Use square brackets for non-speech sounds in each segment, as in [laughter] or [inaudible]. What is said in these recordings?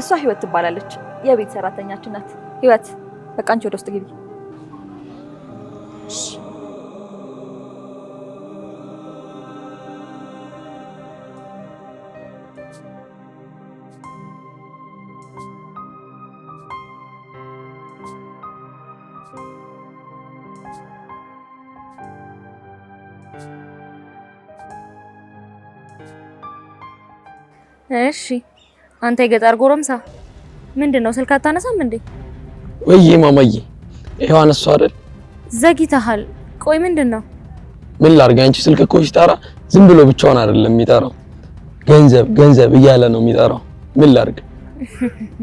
እሷ ህይወት ትባላለች። የቤት ሰራተኛችን ናት። ህይወት በቃ አንቺ ወደ ውስጥ ግቢ። እሺ አንተ የገጠር ጎረምሳ ምንድን ነው? ስልክ አታነሳም እንዴ? ወይ ማማዬ፣ ይሄው አነሱ አይደል? ዘግይተሃል። ቆይ ምንድን ነው? ምን ላድርግ? አንቺ ስልክ እኮ ሲጠራ ዝም ብሎ ብቻውን አይደለም የሚጠራው፣ ገንዘብ ገንዘብ እያለ ነው የሚጠራው። ምን ላድርግ [laughs]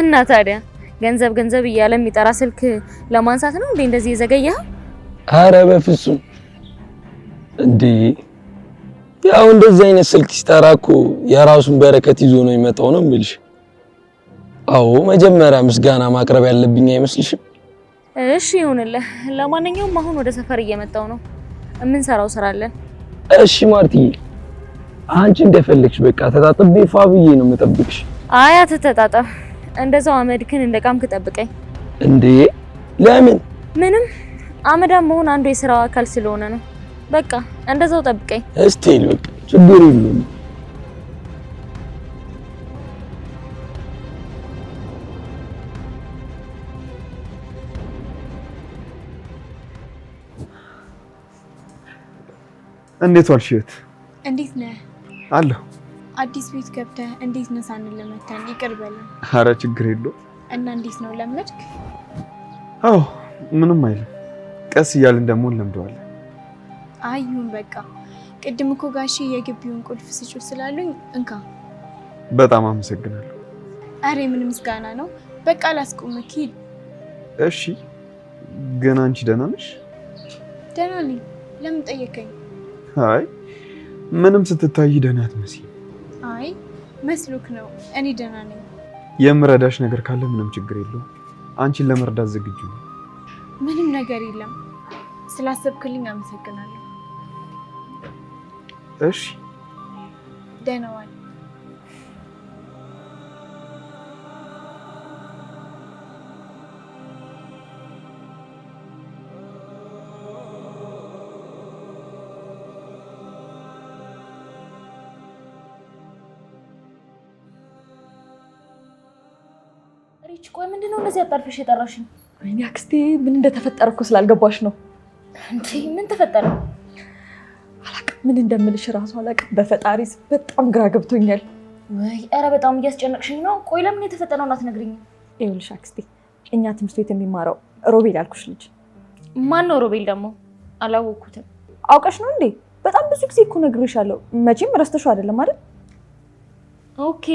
እና ታዲያ ገንዘብ ገንዘብ እያለ የሚጠራ ስልክ ለማንሳት ነው እንዴ እንደዚህ የዘገየኸው? አረ በፍጹም እንዴ ያው እንደዚህ አይነት ስልክ ሲጠራ እኮ የራሱን በረከት ይዞ ነው የሚመጣው ነው የምልሽ። አዎ መጀመሪያ ምስጋና ማቅረብ ያለብኝ አይመስልሽም? እሺ ይሁንልህ። ለማንኛውም አሁን ወደ ሰፈር እየመጣው ነው፣ የምንሰራው ስራ አለን። እሺ ማርትዬ፣ አንቺ እንደፈለግሽ በቃ ተጣጥቤ ፋ ነው የምጠብቅሽ። አይ አትተጣጠብ፣ እንደዛው አመድክን እንደቃምክ ጠብቀኝ። እንዴ ለምን? ምንም አመዳም መሆን አንዱ የስራው አካል ስለሆነ ነው። በቃ እንደዛው ጠብቀኝ። እስቲ በቃ ችግር የለውም። እንዴት ዋልሽ? እህት እንዴት ነህ? አለሁ። አዲስ ቤት ገብተህ እንዴት ነህ ሳንለመተን ይቅር በለን። አረ ችግር የለውም። እና እንዴት ነው ለመድክ? አዎ ምንም አይልም። ቀስ እያልን ደግሞ እንለምደዋለን። አዩን በቃ ቅድም እኮ ጋሼ የግቢውን ቁልፍ ስጩ ስላሉኝ እንካ። በጣም አመሰግናለሁ። አሬ ምን ምስጋና ነው። በቃ ላስቆምክ፣ ሂድ። እሺ ግን አንቺ ደህና ነሽ? ደህና ነኝ። ለምን ጠየቀኝ? አይ ምንም ስትታይ ደህና አትመስይም። አይ መስሎክ ነው። እኔ ደህና ነኝ። የምረዳሽ ነገር ካለ ምንም ችግር የለውም። አንቺን ለመርዳት ዝግጁ ነው። ምንም ነገር የለም። ስላሰብክልኝ አመሰግናለሁ። እሺ ደህና ዋል። ሪች ቆይ ምንድን ነው እንደዚህ አጣድፈሽ የጠራሽኝ? ወይኔ አክስቴ ምን እንደተፈጠረ እኮ ስላልገባሽ ነው። እንዴ ምን ተፈጠረ? ምን እንደምልሽ ራሱ አላውቅም። በፈጣሪስ በጣም ግራ ገብቶኛል። ወይ ኧረ በጣም እያስጨነቅሽኝ ነው። ቆይ ለምን የተፈጠነው አትነግሪኝም? ይኸውልሽ አክስቴ እኛ ትምህርት ቤት የሚማረው ሮቤል ያልኩሽ ልጅ ማን ነው? ሮቤል ደግሞ አላወኩትም። አውቀሽ ነው እንዴ? በጣም ብዙ ጊዜ እኮ ነግሬሻለሁ። መቼም ረስተሽው አይደለም አይደል? ኦኬ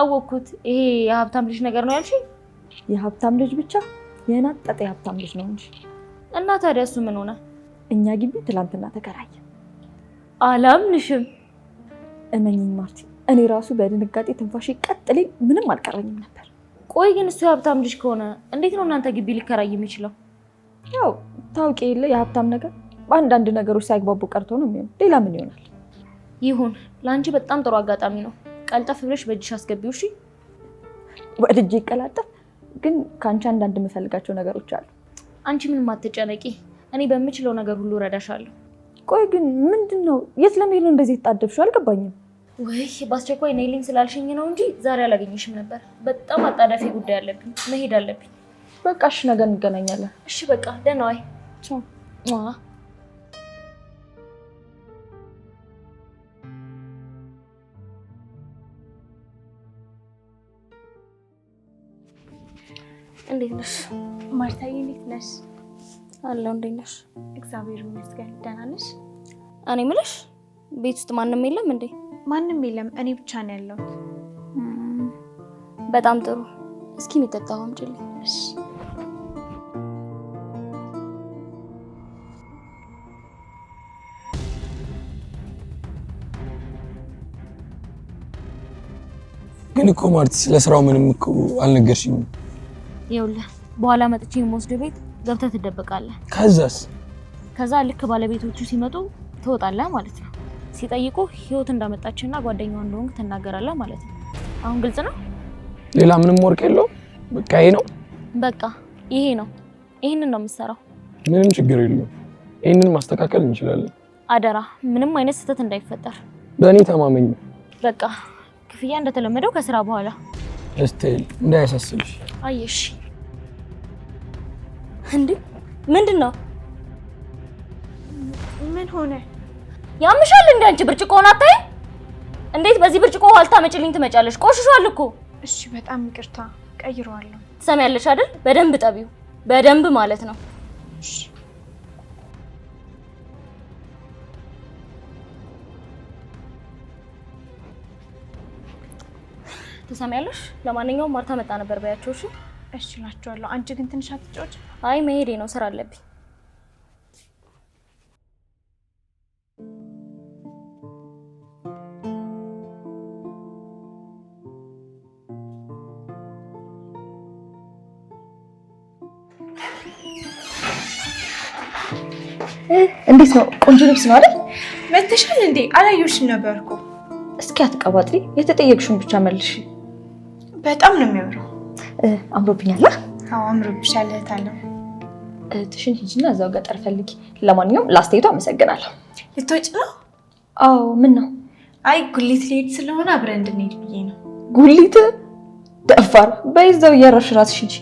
አወኩት። ይሄ የሀብታም ልጅ ነገር ነው ያልሽ? የሀብታም ልጅ ብቻ የናጠጠ የሀብታም ልጅ ነው እንጂ። እና ታዲያ እሱ ምን ሆነ? እኛ ግቢ ትላንትና ተከራየ። አላምንሽም። እመኝኝ ማርቲ፣ እኔ ራሱ በድንጋጤ ትንፋሽ ቀጥሌ ምንም አልቀረኝም ነበር። ቆይ ግን እሱ የሀብታም ልጅ ከሆነ እንዴት ነው እናንተ ግቢ ሊከራይ የሚችለው? ያው ታውቂ የለ የሀብታም ነገር በአንዳንድ ነገሮች ሳይግባቡ ቀርቶ ነው የሚሆነው። ሌላ ምን ይሆናል? ይሁን፣ ለአንቺ በጣም ጥሩ አጋጣሚ ነው። ቀልጠፍ ብለሽ በእጅሽ አስገቢው። እሺ። ወድጅ ይቀላጠፍ። ግን ከአንቺ አንዳንድ የምፈልጋቸው ነገሮች አሉ። አንቺ ምንም አትጨነቂ፣ እኔ በምችለው ነገር ሁሉ እረዳሻለሁ። ቆይ ግን ምንድን ነው? የት ለመሄድ ነው እንደዚህ የተጣደብሽው? አልገባኝም። ወይ በአስቸኳይ ነይልኝ ስላልሽኝ ነው እንጂ ዛሬ አላገኘሽም ነበር። በጣም አጣዳፊ ጉዳይ አለብኝ፣ መሄድ አለብኝ። በቃ እሺ፣ ነገር እንገናኛለን። እሺ በቃ ደህና ዋይ። እንዴት ነሽ ማርታዬ? እንዴት ነሽ? አለው እንዴት ነሽ? እግዚአብሔር ይመስገን ደህና ነሽ? እኔ ምልሽ ቤት ውስጥ ማንም የለም እንዴ? ማንም የለም፣ እኔ ብቻ ነው ያለሁት። በጣም ጥሩ። እስኪ የሚጠጣው አምጪልኝ። ግን እኮ ማርቲ ስለ ስራው ምንም እኮ አልነገርሽኝም። ይኸውልህ በኋላ መጥቼ የምወስደው ቤት ገብተህ ትደበቃለህ። ከዛስ? ከዛ ልክ ባለቤቶቹ ሲመጡ ትወጣለህ ማለት ነው። ሲጠይቁ ህይወት እንዳመጣችና ጓደኛው እንደሆንክ ትናገራለህ ማለት ነው። አሁን ግልጽ ነው። ሌላ ምንም ወርቅ የለውም። በቃ ይሄ ነው። በቃ ይሄ ነው። ይህንን ነው የምሰራው? ምንም ችግር የለውም። ይሄንን ማስተካከል እንችላለን። አደራ ምንም አይነት ስህተት እንዳይፈጠር በእኔ ተማመኝ። በቃ ክፍያ እንደተለመደው ከስራ በኋላ። እስቲ እንዳያሳስብሽ። አየሽ እንዴ ምንድን ነው? ምን ሆነ? ያምሻል እንዴ? አንቺ ብርጭቆ ሆነ አታይ? እንዴት በዚህ ብርጭቆ ውሃ ልታመጪልኝ ትመጫለሽ? ቆሽሿል እኮ። እሺ በጣም ይቅርታ፣ ቀይረዋለሁ። ትሰሚያለሽ አይደል? በደንብ ጠቢው፣ በደንብ ማለት ነው። ትሰሚያለሽ? ለማንኛውም ማርታ መጣ ነበር በያቸው። እሺ እሺ እላችኋለሁ። አንቺ ግን ትንሽ አትጫወች። አይ መሄዴ ነው፣ ስራ አለብኝ። እንዴት ነው? ቆንጆ ልብስ ነው አይደል? መተሻል እንዴ? አላየሁሽም ነበርኩ። እስኪ አትቀባጥሪ፣ የተጠየቅሽውን ብቻ መልሽ። በጣም ነው የሚያምረው አምሮብኛል። አዎ አምሮብሻል። እህታለሁ ትሽን ሂጂና እዛው ገጠር ፈልጊ። ለማንኛውም ላስተያየቱ አመሰግናለሁ። ልትወጪ ነው? አዎ። ምን ነው? አይ ጉሊት ሊሄድ ስለሆነ አብረን እንድንሄድ ብዬ ነው። ጉሊት ደፋር። በይ እዛው እያረፍሽ እራስሽ ሂጂ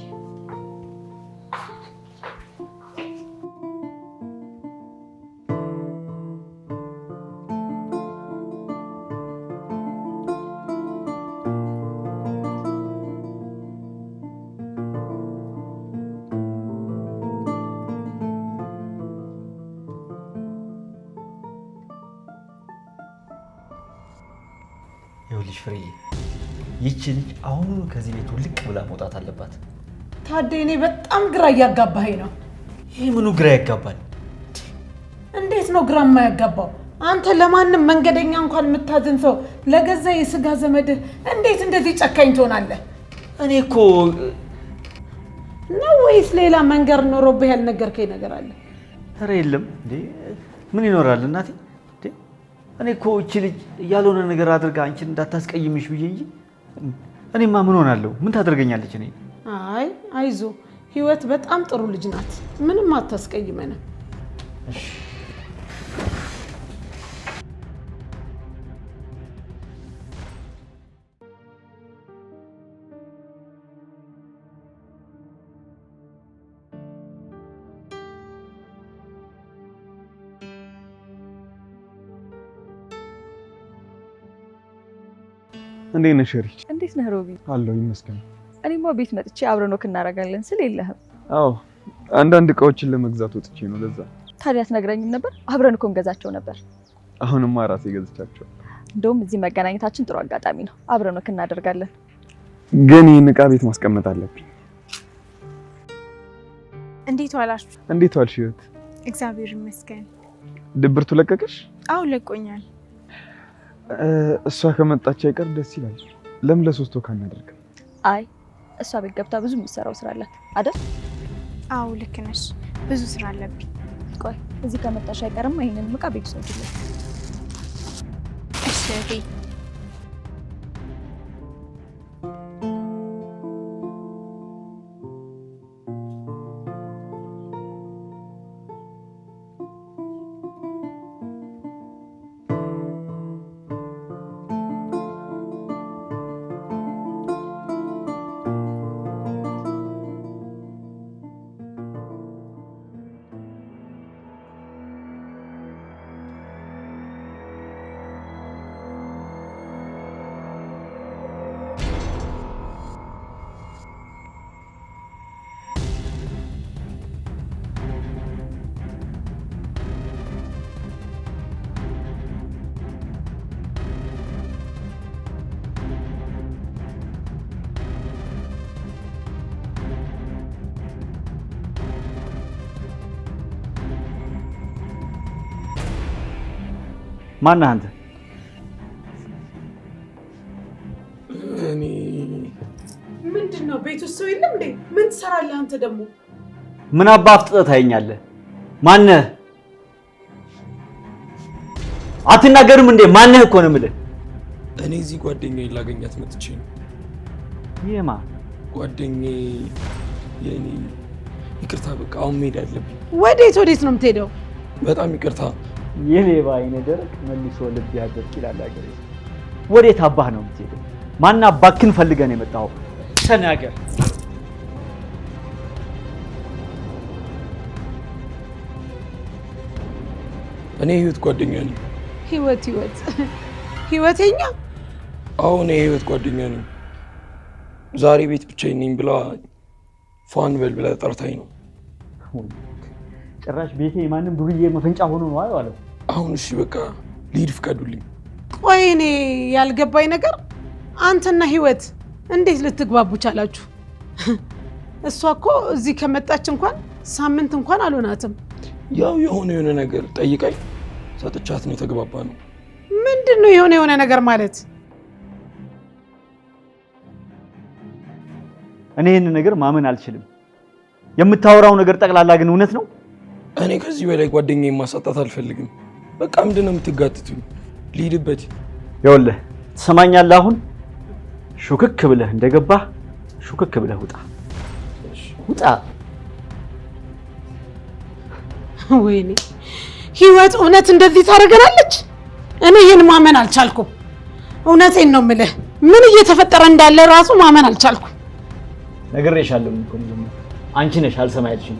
ታዴ፣ እኔ በጣም ግራ እያጋባኸኝ ነው። ይህ ምኑ ግራ ያጋባል? እንዴት ነው ግራ የማያጋባው? አንተ ለማንም መንገደኛ እንኳን የምታዝን ሰው፣ ለገዛ የስጋ ዘመድህ እንዴት እንደዚህ ጨካኝ ትሆናለህ? እኔ እኮ ነው ወይስ ሌላ መንገድ ኖሮብህ ያልነገርከኝ ነገር አለ? ኧረ የለም። ምን ይኖራል እናቴ? እኔ እኮ እቺ ልጅ ያልሆነ ነገር አድርጋ አንቺን እንዳታስቀይምሽ ብዬ እንጂ እኔማ ምን ሆናለሁ? ምን ታደርገኛለች እኔ አይ አይዞ፣ ህይወት በጣም ጥሩ ልጅ ናት። ምንም አታስቀይመንም። እንዴት ነሽ ሸሪ? እንዴት ነህ ሮቢ? አለሁ ይመስገን። እኔማ ቤት መጥቼ አብረን ወክ እናደርጋለን ስል የለህም። አዎ አንዳንድ እቃዎችን ለመግዛት ወጥቼ ነው። ለዛ ታዲያ አትነግረኝም ነበር? አብረን እኮ እንገዛቸው ነበር። አሁንማ ራሴ ገዝቻቸው። እንደውም እዚህ መገናኘታችን ጥሩ አጋጣሚ ነው። አብረን ወክ እናደርጋለን። ግን ይህን እቃ ቤት ማስቀመጥ አለብኝ። እንዴት ዋላችሁ? እንዴት ዋልሽ ህይወት? እግዚአብሔር ይመስገን። ድብርቱ ለቀቀሽ? አዎ ለቆኛል። እሷ ከመጣች አይቀር ደስ ይላል። ለምን ለሶስት ወክ አናደርግም? አይ እሷ ቤት ገብታ ብዙ የምትሰራው ስራ አላት አይደል? አዎ ልክ ነሽ። ብዙ ስራ አለብኝ። ቆይ እዚህ ከመጣሽ አይቀርም ይሄንን ምቃ ቤት ውሰጂልኝ። እሺ። ማነህ አንተ? እኔ ምንድን ነው ቤት ውስጥ ሰው የለም እንዴ? ምን ትሰራለህ አንተ ደግሞ? ምን አባ አፍጥጠህ ታየኛለህ? ማነህ? አትናገርም እንዴ? ማነህ እኮ ነው የምልህ። እኔ እዚህ ጓደኛዬን ላገኛት መጥቼ ነው። ይሄማ ጓደኛዬ የኔ ይቅርታ፣ በቃ አሁን መሄድ አለብኝ። ወዴት ወዴት ነው የምትሄደው? በጣም ይቅርታ የሌባ አይነ ደረቅ መልሶ ልብ ያደርግ ይላል ሀገሬ። ወዴት አባህ ነው የምትሄደው? ማና አባክን ፈልገን የመጣው ተናገር። እኔ ህይወት ጓደኛ ነኝ። ህይወት ህይወት ህይወተኛ? አዎ እኔ ህይወት ጓደኛ ነኝ። ዛሬ ቤት ብቻዬን ነኝ ብላ ፏን በል ብላ ጠርታኝ ነው። ጭራሽ ቤቴ የማንም ዱርዬ መፈንጫ ሆኖ ነው አለው። አሁን እሺ በቃ ልሂድ፣ ፍቀዱልኝ። ቆይ እኔ ያልገባኝ ነገር አንተና ህይወት እንዴት ልትግባቡ ቻላችሁ? [laughs] እሷ እኮ እዚህ ከመጣች እንኳን ሳምንት እንኳን አልሆናትም። ያው የሆነ የሆነ ነገር ጠይቃኝ ሰጥቻት ነው የተግባባ ነው። ምንድን ነው የሆነ የሆነ ነገር ማለት? እኔ ይህን ነገር ማመን አልችልም። የምታወራው ነገር ጠቅላላ ግን እውነት ነው። እኔ ከዚህ በላይ ጓደኛዬን ማሳጣት አልፈልግም። በቃ ምንድን ነው የምትጋትቱኝ? ልሂድበት። ይኸውልህ ትሰማኛለህ? አሁን ሹክክ ብለህ እንደገባ ሹክክ ብለህ ውጣ፣ ውጣ። ወይኔ ህይወት እውነት እንደዚህ ታደርገናለች? እኔ ይህን ማመን አልቻልኩም። እውነቴን ነው የምልህ፣ ምን እየተፈጠረ እንዳለ ራሱ ማመን አልቻልኩም። ነግሬሻለሁ እኮ አንቺ ነሽ አልሰማ ያልሽኝ።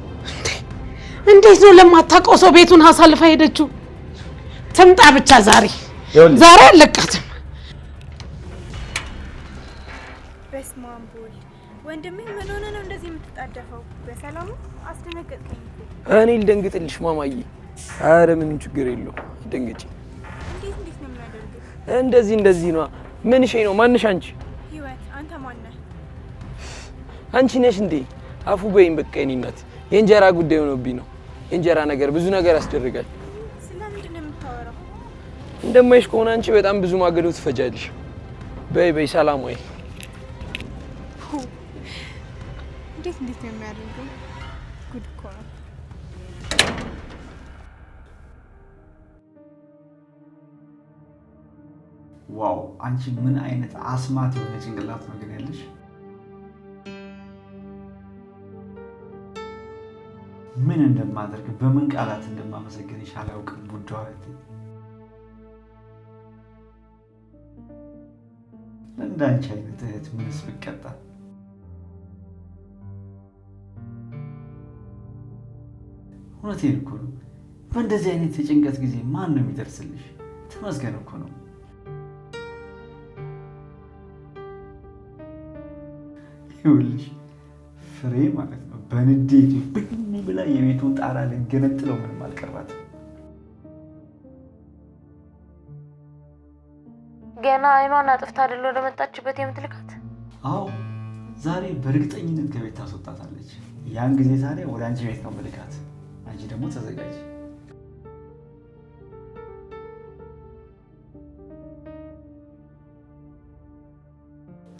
እንዴት ነው ለማታውቀው ሰው ቤቱን አሳልፋ ሄደችው? ትምጣ ብቻ ዛሬ ዛሬ አለቃትም። በስመ አብ ወልድ። ወንድሜ ምን ሆነ ነው እንደዚህ የምትጣደፈው? በሰላሙ አስደነገጥከኝ። እኔ ልደንግጥልሽ ማማዬ? አረ ምንም ችግር የለውም ደንግጭ። እንዴት እንዴት ነው የሚያደርገው? እንደዚህ እንደዚህ ነው። ምን ሸይ ነው? ማንሽ አንቺ? ህይወት አንተ ማን አንቺ ነሽ እንዴ? አፉ በይኝ በቃ። የእኔ እናት የእንጀራ ጉዳይ ሆኖብኝ ነው። የእንጀራ ነገር ብዙ ነገር ያስደርጋል። እንደማይሽ ከሆነ አንቺ በጣም ብዙ ማገዶ ትፈጃለሽ። በይ በይ፣ ሰላም ወይ። እንዴት እንዴት ነው የሚያደርገው? ጉድ እኮ ነው። ዋው! አንቺ ምን አይነት አስማት የሆነ ጭንቅላት ነው ግን ያለሽ። ምን እንደማደርግ በምን ቃላት እንደማመሰግንሽ አላውቅም። ቡዳ እንዳንቺ አይነት እህት ምንስ ብቀጣ። እውነቴን እኮ ነው። በእንደዚህ አይነት የጭንቀት ጊዜ ማን ነው የሚደርስልሽ? ተመስገን እኮ ነው። ይኸውልሽ ፍሬ ማለት ነው በንዴት ብኝ ብላ የቤቱን ጣራ ልንገነጥለው ምንም አልቀርባት እና አይኗን አጥፍታ አይደል ወደ መጣችበት የምትልካት? አዎ ዛሬ በእርግጠኝነት ከቤት ታስወጣታለች። ያን ጊዜ ታዲያ ወደ አንቺ ቤት ነው ምልካት። አንቺ ደግሞ ተዘጋጅ።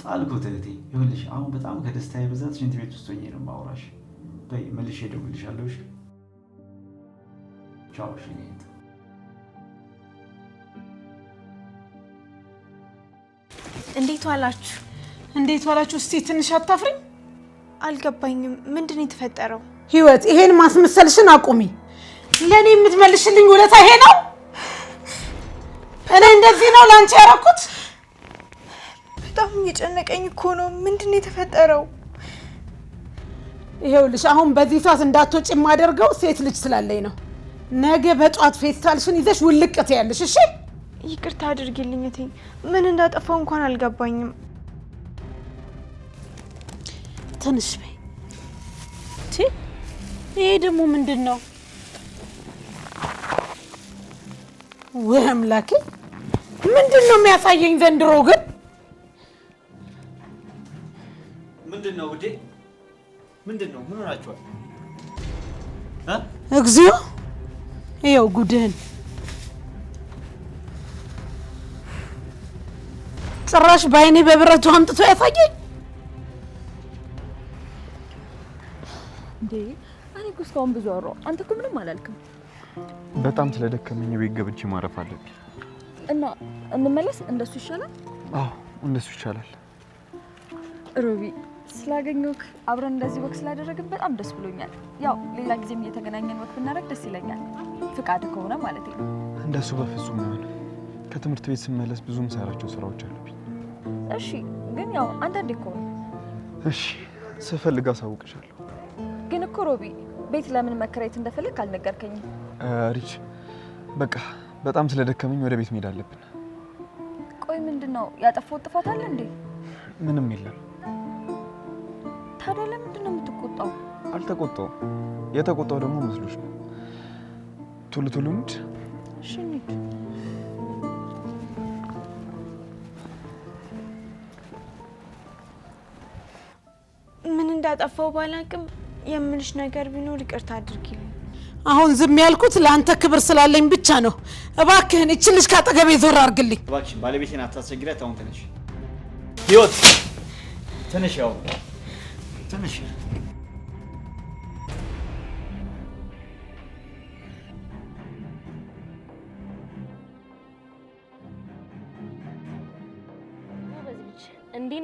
ጣልኩት እህቴ። ይኸውልሽ አሁን በጣም ከደስታዬ ብዛት ሽንት ቤት ውስጥ ሆኜ ነው የማወራሽ። በይ መልሼ እደውልልሻለሁ። ቻው ሽኔት እንዴት ዋላችሁ? እንዴት ዋላችሁ? እስቲ ትንሽ አታፍሪም? አልገባኝም። ምንድን ነው የተፈጠረው? ህይወት፣ ይሄን ማስመሰልሽን አቁሚ። ለእኔ የምትመልሽልኝ ውለታ ይሄ ነው? እኔ እንደዚህ ነው ለአንቺ ያደረኩት? በጣም እየጨነቀኝ እኮ ነው። ምንድን ነው የተፈጠረው? ይሄውልሽ አሁን በዚህ ሰዓት እንዳትወጪ የማደርገው ሴት ልጅ ስላለኝ ነው። ነገ በጧት ፌስታልሽን ይዘሽ ውልቅት ያለሽ እሺ ይቅርታ አድርጊልኝ እቴ፣ ምን እንዳጠፋው እንኳን አልገባኝም። ትንሽ በይ። ይሄ ደግሞ ምንድን ነው? ውህ አምላኬ፣ ምንድን ነው የሚያሳየኝ ዘንድሮ? ግን ምንድን ነው ውዴ? ምንድን ነው? ምን ሆናችኋል? እግዚኦ! ይኸው ጉድህን ጭራሽ በአይኔ በብረቱ አምጥቶ ያሳየኝ። እንዴ እኔ እኮ እስካሁን ብዙ አወራሁ፣ አንተ እኮ ምንም አላልክም። በጣም ስለደከመኝ ቤት ገብቼ ማረፍ አለብኝ እና እንመለስ። እንደሱ ይሻላል። አዎ እንደሱ ይሻላል። ሩቢ ስላገኘሁህ አብረን እንደዚህ ወቅት ስላደረግን በጣም ደስ ብሎኛል። ያው ሌላ ጊዜም እየተገናኘን ወቅት ብናደርግ ደስ ይለኛል፣ ፍቃድ ከሆነ ማለት ነው። እንደሱ በፍጹም ይሆን። ከትምህርት ቤት ስመለስ ብዙ ምሰራቸው ስራዎች አሉብኝ። እሺ፣ ግን ያው አንዳንዴ እኮ እሺ፣ ስፈልግ አሳውቅሻለሁ። ግን እኮ ሮቢ፣ ቤት ለምን መከራየት እንደፈለግ አልነገርከኝም። ሪች፣ በቃ በጣም ስለደከመኝ ወደ ቤት መሄድ አለብን። ቆይ ምንድን ነው ያጠፋው? ጥፋት አለ እንዴ? ምንም የለም። ታዲያ ለምንድን ነው የምትቆጣው? አልተቆጣውም። የተቆጣው ደግሞ መስሎሽ ነው። ቱሉ ቱሉ እንድ ካጠፋው ባላቅም የምልሽ ነገር ቢኖር ይቅርታ አድርጊልኝ። አሁን ዝም ያልኩት ለአንተ ክብር ስላለኝ ብቻ ነው። እባክህን እቺ ልጅ ካጠገቤ ዞር አድርግልኝ። እባክሽን ባለቤቴን አታስቸግሪያት። አሁን ትንሽ ህይወት ትንሽ ያው ትንሽ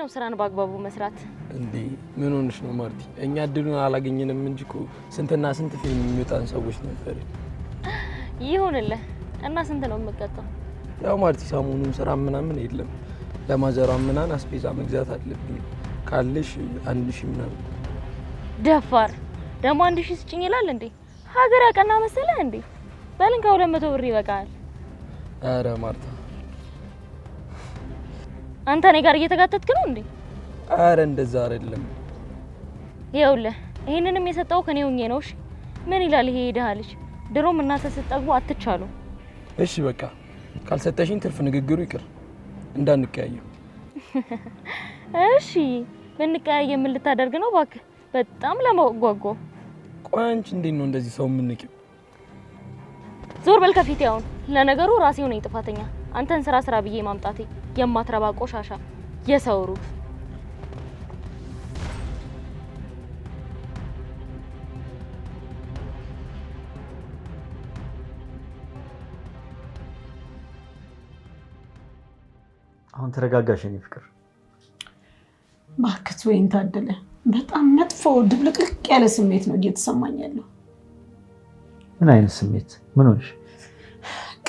ነው ስራን በአግባቡ መስራት። እንዴ ምን ሆንሽ ነው ማርቲ? እኛ እድሉን አላገኘንም እንጂ እኮ ስንትና ስንት ፊልም የሚወጣን ሰዎች ነበር። ይሁንልህ እና ስንት ነው የምቀጣው? ያው ማርቲ ሰሞኑን ስራ ምናምን የለም። ለማዘሯ ምናን አስቤዛ መግዛት አለብኝ። ካለሽ አንድ ሺ ምናምን። ደፋር ደግሞ አንድ ሺ ስጭኝ ይላል እንዴ? ሀገር ያቀና መሰለህ እንዴ? በልን ከሁለት መቶ ብር ይበቃል። አረ ማርታ አንተ እኔ ጋር እየተጋተትክ ነው እንዴ? አረ እንደዛ አይደለም። ይኸውልህ ይሄንንም የሰጠው ከኔ ሆኜ ነው። እሺ ምን ይላል ይሄ ይደሃልሽ። ድሮም እናንተ ስትጠጉ አትቻሉ። እሺ በቃ ካልሰጠሽኝ ትርፍ ንግግሩ ይቅር፣ እንዳንቀያየው። [laughs] እሺ ልንቀያየ ምን ልታደርግ ነው? እባክህ በጣም ለማጓጓ። ቆይ አንቺ እንዴት ነው እንደዚህ ሰው የምንቂው? ዞር በል ከፊቴ። አሁን ለነገሩ ራሴው ነኝ ጥፋተኛ። አንተን ስራ ስራ ብዬ ማምጣቴ የማትረባ ቆሻሻ የሰው ሩፍ አሁን ተረጋጋሽ የኔ ፍቅር እባክህ ወይን ታደለ በጣም መጥፎ ድብልቅልቅ ያለ ስሜት ነው እየተሰማኝ ያለው ምን አይነት ስሜት ምን ሆነሽ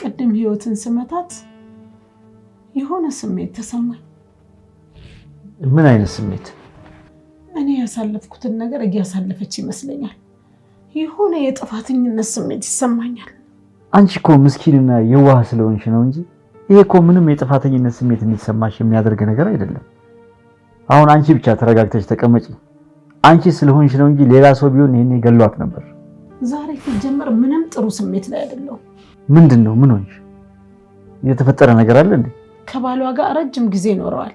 ቅድም ህይወትን ስመታት የሆነ ስሜት ተሰማኝ። ምን አይነት ስሜት? እኔ ያሳለፍኩትን ነገር እያሳለፈች ይመስለኛል። የሆነ የጥፋተኝነት ስሜት ይሰማኛል። አንቺ እኮ ምስኪንና የዋህ ስለሆንሽ ነው እንጂ ይሄ እኮ ምንም የጥፋተኝነት ስሜት እንዲሰማሽ የሚያደርግ ነገር አይደለም። አሁን አንቺ ብቻ ተረጋግተች ተቀመጪ። አንቺ ስለሆንሽ ነው እንጂ ሌላ ሰው ቢሆን ይህን ገሏት ነበር። ዛሬ ሲጀመር ምንም ጥሩ ስሜት ላይ አይደለሁም። ምንድን ነው? ምን ሆንሽ? የተፈጠረ ነገር አለ እንዴ? ከባሏ ጋር ረጅም ጊዜ ይኖረዋል።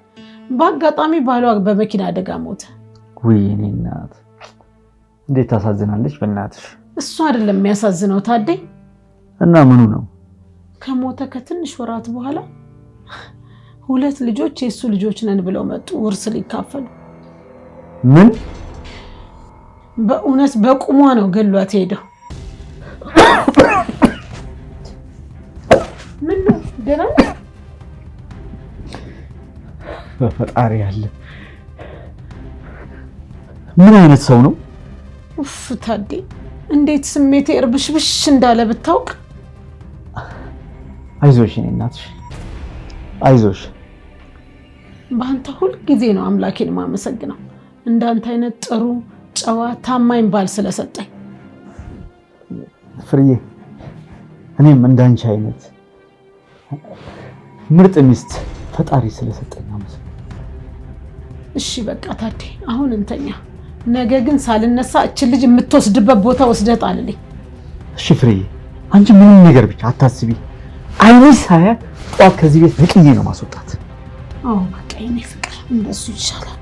በአጋጣሚ ባሏ በመኪና አደጋ ሞተ። ውይ እኔ እናት እንዴት ታሳዝናለች! በእናትሽ እሱ አይደለም የሚያሳዝነው ታደይ እና ምኑ ነው? ከሞተ ከትንሽ ወራት በኋላ ሁለት ልጆች የእሱ ልጆች ነን ብለው መጡ ውርስ ሊካፈሉ። ምን? በእውነት በቁሟ ነው ገሏት ሄደው። ምን ነው ደህና በፈጣሪ ያለ ምን አይነት ሰው ነው? ኡፍ ታዴ፣ እንዴት ስሜቴ እርብሽብሽ እንዳለ ብታውቅ። አይዞሽ እኔ እናትሽ አይዞሽ። በአንተ ሁል ጊዜ ነው አምላኬን ማመሰግነው እንዳንተ አይነት ጥሩ ጨዋ ታማኝ ባል ስለሰጠኝ። ፍርዬ፣ እኔም እንዳንቺ አይነት ምርጥ ሚስት ፈጣሪ ስለሰጠኝ አመሰግናለሁ። እሺ በቃ ታዴ አሁን እንተኛ። ነገ ግን ሳልነሳ እችን ልጅ የምትወስድበት ቦታ ወስደህ ጣልልኝ። እሺ ፍሬዬ፣ አንቺ ምንም ነገር ብቻ አታስቢ። አይኔ ሳያ ጠዋት ከዚህ ቤት ንቅዬ ነው ማስወጣት። አዎ በቃ የኔ ፍቅር እንደሱ ይሻላል።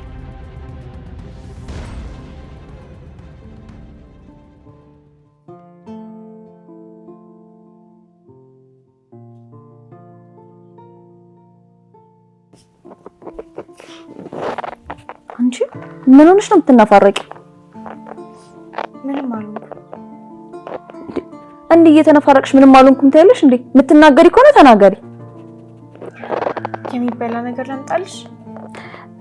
ምን ሆነሽ ነው የምትናፋረቂ? ምንም አልሆንኩም። እንዲህ እየተነፋረቅሽ ምንም አልሆንኩም ትያለሽ እንዴ? የምትናገሪ ከሆነ ተናገሪ። የሚበላ ነገር ላምጣልሽ?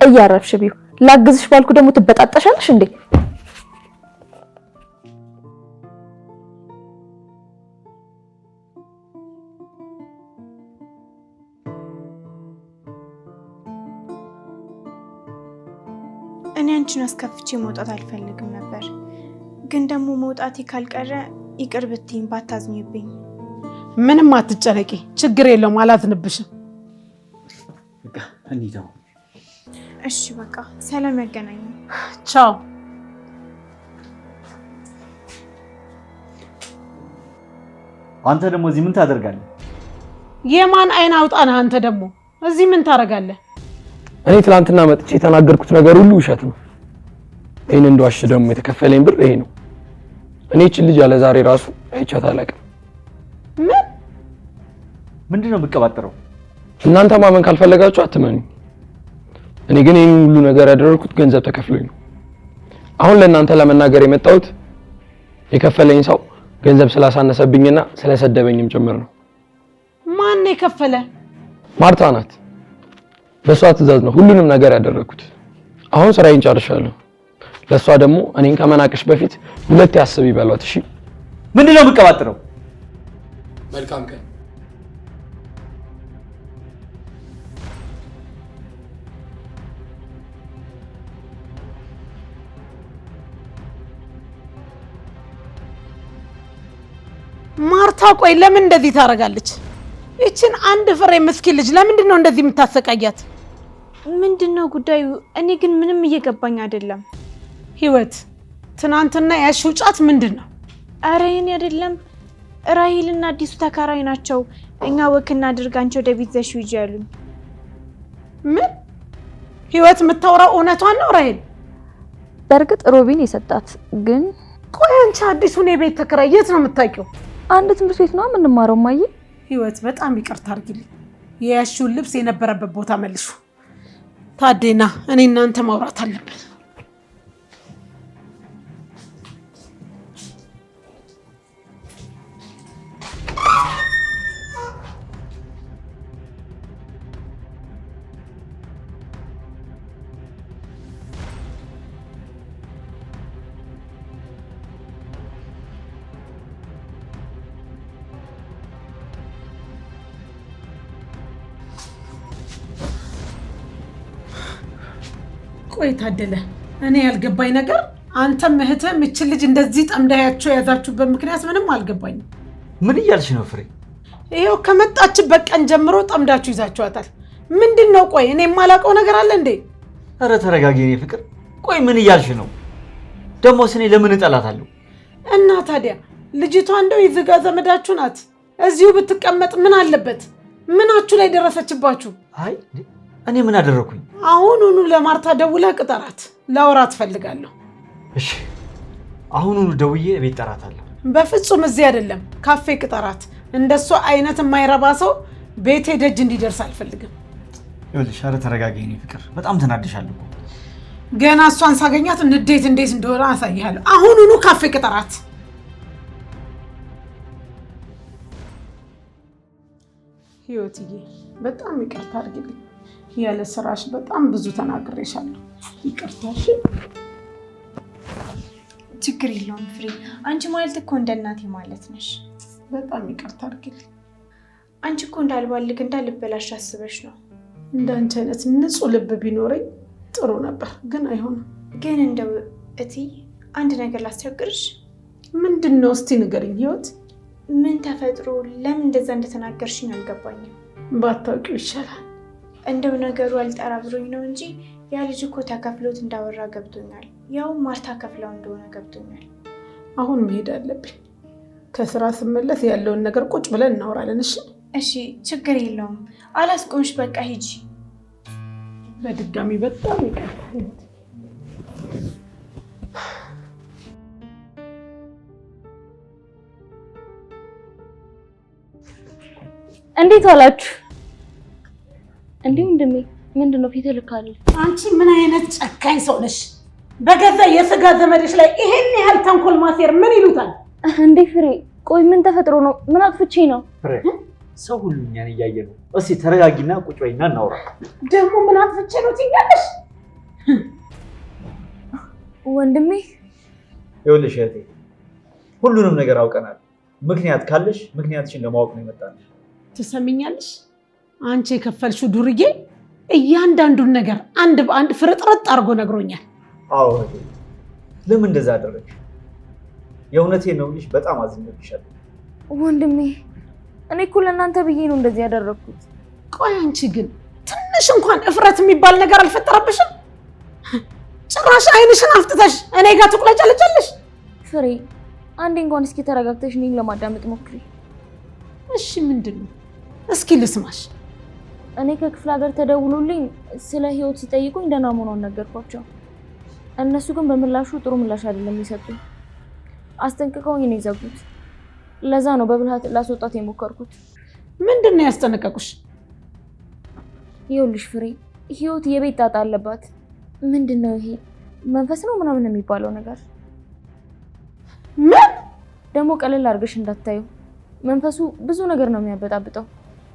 እያረፍሽ ቢው ላግዝሽ ባልኩ ደግሞ ትበጣጠሻለሽ እንዴ? አንቺን አስከፍቼ መውጣት አልፈልግም ነበር፣ ግን ደግሞ መውጣቴ ካልቀረ ይቅር ብትይኝ ባታዝኝብኝ። ምንም አትጨነቂ፣ ችግር የለውም፣ አላዝንብሽም። እሺ በቃ ሰላም፣ ያገናኙ። ቻው። አንተ ደግሞ እዚህ ምን ታደርጋለህ? የማን አይን አውጣ ነህ አንተ ደግሞ እዚህ ምን ታደርጋለህ? እኔ ትናንትና መጥቼ የተናገርኩት ነገር ሁሉ ውሸት ነው። ይህን እንደዋሽ ደግሞ የተከፈለኝ ብር ይሄ ነው። እኔ ይህችን ልጅ አለ ዛሬ ራሱ አይቻት አላውቅም። ምን ምንድን ነው የምቀባጥረው? እናንተ ማመን ካልፈለጋችሁ አትመኑ። እኔ ግን ይህን ሁሉ ነገር ያደረግኩት ገንዘብ ተከፍሎኝ ነው። አሁን ለእናንተ ለመናገር የመጣሁት የከፈለኝ ሰው ገንዘብ ስላሳነሰብኝና ስለሰደበኝም ጭምር ነው። ማን የከፈለ? ማርታ ናት። በእሷ ትዕዛዝ ነው ሁሉንም ነገር ያደረግኩት። አሁን ስራዬን ጨርሻለሁ። ለእሷ ደግሞ እኔን ከመናቅሽ በፊት ሁለት ያስብ ይበሏት። እሺ ምንድን ነው የምቀባጥረው? መልካም ቀን። ማርታ ቆይ፣ ለምን እንደዚህ ታደርጋለች? ይችን አንድ ፍሬ ምስኪን ልጅ ለምንድን ነው እንደዚህ የምታሰቃያት? ምንድን ነው ጉዳዩ? እኔ ግን ምንም እየገባኝ አይደለም። ህይወት ትናንትና ያሽው ጫት ምንድን ነው? ኧረ ይሄን አይደለም። ራሂልና አዲሱ ተካራይ ናቸው። እኛ ወክና አድርጋንቸው ወደ ቤት ዘሽው ያሉኝ። ምን ህይወት የምታወራው እውነቷን ነው ራሂል? በእርግጥ ሮቢን የሰጣት ግን ቆይ አንቺ አዲሱን የቤት ተከራይ የት ነው የምታውቂው? አንድ ትምህርት ቤት ነው የምንማረው። ማየ ህይወት በጣም ይቅርታ አድርጊልኝ። የያሽውን ልብስ የነበረበት ቦታ መልሱ። ታዴና እኔ እናንተ ማውራት አለብን። ቆይ ታደለ፣ እኔ ያልገባኝ ነገር አንተም እህትህም ይችን ልጅ እንደዚህ ጠምዳያቸው የያዛችሁበት ምክንያት ምንም አልገባኝም። ምን እያልሽ ነው ፍሬ? ይኸው ከመጣችበት ቀን ጀምሮ ጠምዳችሁ ይዛችኋታል። ምንድን ነው? ቆይ እኔ የማላውቀው ነገር አለ እንዴ? እረ ተረጋጊ የእኔ ፍቅር። ቆይ ምን እያልሽ ነው? ደግሞ ስኔ ለምን እጠላታለሁ? እና ታዲያ ልጅቷ እንደው የዝጋ ዘመዳችሁ ናት። እዚሁ ብትቀመጥ ምን አለበት? ምናችሁ ላይ ደረሰችባችሁ? አይ እኔ ምን አደረኩኝ? አሁኑኑ ለማርታ ደውለህ ቅጠራት፣ ላወራ ትፈልጋለሁ። እሺ፣ አሁኑኑ ደውዬ እቤት ጠራታለሁ። በፍጹም እዚህ አይደለም፣ ካፌ ቅጠራት። እንደሷ አይነት የማይረባ ሰው ቤቴ ደጅ እንዲደርስ አልፈልግም። ይኸውልሽ፣ ኧረ ተረጋጊ ፍቅር፣ በጣም ተናድሻል ገና እሷን ሳገኛት ንዴት እንዴት እንደሆነ አሳይሃለሁ። አሁኑኑ ካፌ ቅጠራት። ህይወትዬ፣ በጣም ይቅርታ አድርጊልኝ። ያለ ስራሽ በጣም ብዙ ተናግሬሻለሁ። ይቅርታሽ። ችግር የለውም ፍሬ። አንቺ ማለት እኮ እንደ እናቴ ማለት ነሽ። በጣም ይቅርታ አድርጊልኝ። አንቺ እኮ እንዳልባልግ እንዳልበላሽ አስበሽ ነው። እንደ አንቺ አይነት ንጹህ ልብ ቢኖረኝ ጥሩ ነበር፣ ግን አይሆንም። ግን እንደው እትዬ አንድ ነገር ላስቸግርሽ። ምንድን ነው እስቲ ንገርኝ። ህይወት ምን ተፈጥሮ ለምን እንደዛ እንደተናገርሽኝ አልገባኝም። ባታውቂው ይሻላል። እንደው ነገሩ አልጠራ ብሎኝ ነው እንጂ ያ ልጅ እኮ ተከፍሎት እንዳወራ ገብቶኛል። ያው ማርታ ከፍላው እንደሆነ ገብቶኛል። አሁን መሄድ አለብኝ። ከስራ ስመለስ ያለውን ነገር ቁጭ ብለን እናወራለን። እሺ፣ እሺ፣ ችግር የለውም። አላስቆምሽ፣ በቃ ሂጂ። በድጋሚ በጣም እንዴት ዋላችሁ? እንዲሁ ወንድሜ ምንድን ነው ፊት አንቺ ምን አይነት ጨካኝ ሰው ነሽ? በገዛ የስጋ ዘመድሽ ላይ ይሄን ያህል ተንኮል ማሴር ምን ይሉታል እንዴ? ፍሬ ቆይ ምን ተፈጥሮ ነው? ምን አጥፍቼ ነው? ፍሬ ሰው ሁሉ እኛን እያየ ነው። እስኪ ተረጋጊና ቁጭ በይና እናውራ። ደግሞ ምን አጥፍቼ ነው ትያለሽ? ወንድሜ ይኸውልሽ እህቴ፣ ሁሉንም ነገር አውቀናል። ምክንያት ካለሽ ምክንያትሽን ለማወቅ ነው የመጣልሽ። ትሰሚኛለሽ? አንቺ የከፈልሽው ዱርዬ እያንዳንዱን ነገር አንድ በአንድ ፍርጥርጥ አድርጎ ነግሮኛል። አዎ ለምን እንደዛ አደረግሽ? የእውነቴን ነው ልሽ በጣም አዝኜብሻለሁ ወንድሜ። እኔ እኮ ለእናንተ ብዬ ነው እንደዚህ ያደረግኩት። ቆይ አንቺ ግን ትንሽ እንኳን እፍረት የሚባል ነገር አልፈጠረብሽም? ጭራሽ አይንሽን አፍጥተሽ እኔ ጋር ትቁለጨለጨለሽ። ፍሬ አንዴ እንኳን እስኪ ተረጋግተሽ እኔን ለማዳመጥ ሞክሪ። እሺ ምንድን ነው? እስኪ ልስማሽ እኔ ከክፍለ ሀገር ተደውሎልኝ ስለ ህይወት ሲጠይቁኝ ደህና መሆኗን ነገርኳቸው። እነሱ ግን በምላሹ ጥሩ ምላሽ አይደለም የሚሰጡ፣ አስጠንቅቀውኝ ነው የዘጉት። ለዛ ነው በብልሃት ላስወጣት የሞከርኩት። ምንድን ነው ያስጠነቀቁሽ? ይኸውልሽ ፍሬ፣ ህይወት የቤት ጣጣ አለባት። ምንድን ነው ይሄ መንፈስ ነው ምናምን የሚባለው ነገር? ምን ደግሞ ቀለል አድርገሽ እንዳታዩ። መንፈሱ ብዙ ነገር ነው የሚያበጣብጠው።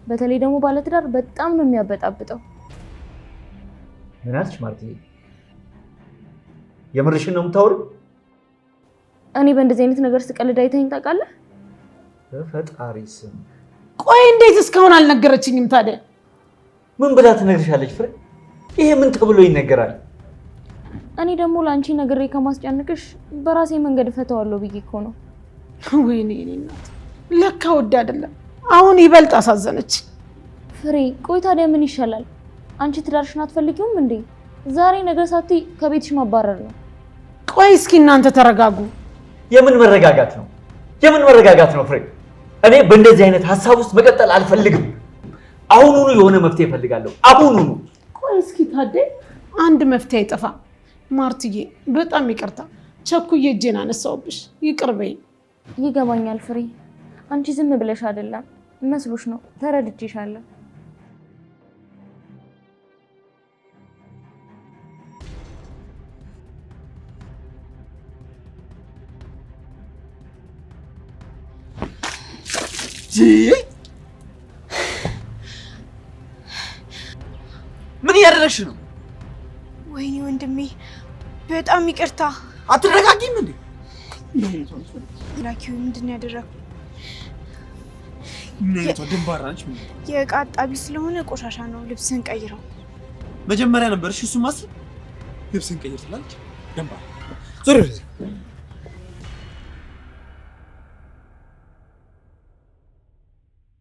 በተለይ ደግሞ ባለትዳር በጣም ነው የሚያበጣብጠው። ምናች አልሽ የምርሽን ነው የምታወሪው? እኔ በእንደዚህ አይነት ነገር ስቀልድ አይተኸኝ ታውቃለህ? በፈጣሪ ስም ቆይ፣ እንዴት እስካሁን አልነገረችኝም ታዲያ? ምን ብላ ትነግርሻለች ፍሬ? ይሄ ምን ተብሎ ይነገራል? እኔ ደግሞ ለአንቺ ነግሬ ከማስጨንቅሽ በራሴ መንገድ እፈተዋለሁ ብዬ እኮ ነው። ወይኔ እኔ እናት ለካ ወድ አይደለም አሁን ይበልጥ አሳዘነች። ፍሬ ቆይ ታዲያ ምን ይሻላል? አንቺ ትዳርሽን አትፈልጊውም እንዴ? ዛሬ ነገር ሳትይ ከቤትሽ ማባረር ነው። ቆይ እስኪ እናንተ ተረጋጉ። የምን መረጋጋት ነው? የምን መረጋጋት ነው? ፍሬ እኔ በእንደዚህ አይነት ሀሳብ ውስጥ መቀጠል አልፈልግም። አሁኑኑ የሆነ መፍትሄ እፈልጋለሁ። አሁኑኑ። ቆይ እስኪ ታዴ አንድ መፍትሄ አይጠፋ ማርትዬ በጣም ይቅርታ ቸኩዬ እጄን አነሳውብሽ፣ ይቅር በይኝ። ይገባኛል ፍሬ፣ አንቺ ዝም ብለሽ አይደለም መስሎሽ ነው? ተረድቼሻለሁ። ምን እያደረግሽ ነው? ወይኔ ወንድሜ በጣም ይቅርታ። አትረጋጊም እንዴ? ላኪው ምንድን ነው ያደረግኩት? ድንባራች የእቃ አጣቢ ስለሆነ ቆሻሻ ነው። ልብስን ቀይረው መጀመሪያ ነበር። እሺ ማስል ልብስን ቀይር ትላለች። ደንባራ ዞር